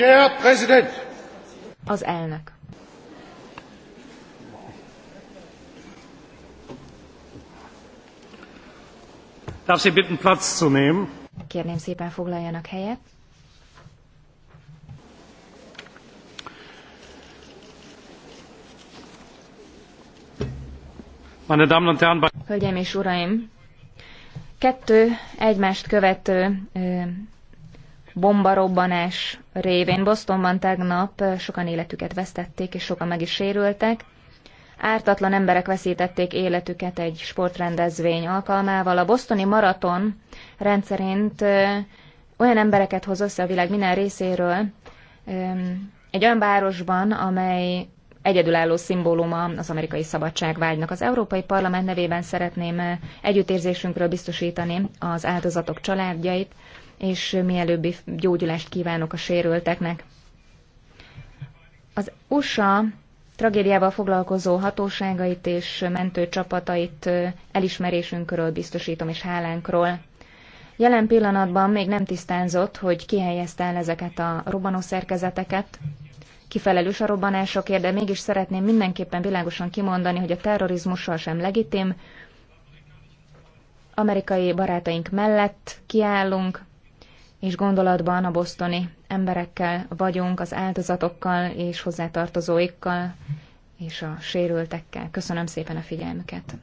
Der Präsident. Az elnök. Darf Sie bitten Platz zu nehmen? Kérném szépen foglaljanak helyet. Meine Damen und Herren, Hölgyeim és Uraim! Kettő egymást követő bombarobbanás révén. Bostonban tegnap eh, sokan életüket vesztették, és sokan meg is sérültek. Ártatlan emberek veszítették életüket egy sportrendezvény alkalmával. A bostoni maraton rendszerint eh, olyan embereket hoz össze a világ minden részéről, egy olyan városban, amely egyedülálló szimbóluma az amerikai szabadságvágynak. Az Európai Parlament nevében szeretném eh, együttérzésünkről biztosítani az áldozatok családjait, és mielőbbi gyógyulást kívánok a sérülteknek. Az USA tragédiával foglalkozó hatóságait és mentőcsapatait elismerésünkről biztosítom és hálánkról. Jelen pillanatban még nem tisztázott, hogy ki helyezte el ezeket a robbanószerkezeteket, kifelelős a robbanásokért, de mégis szeretném mindenképpen világosan kimondani, hogy a terrorizmussal sem legitim. Amerikai barátaink mellett kiállunk, és gondolatban a bosztoni emberekkel vagyunk, az áldozatokkal és hozzátartozóikkal és a sérültekkel. Köszönöm szépen a figyelmüket!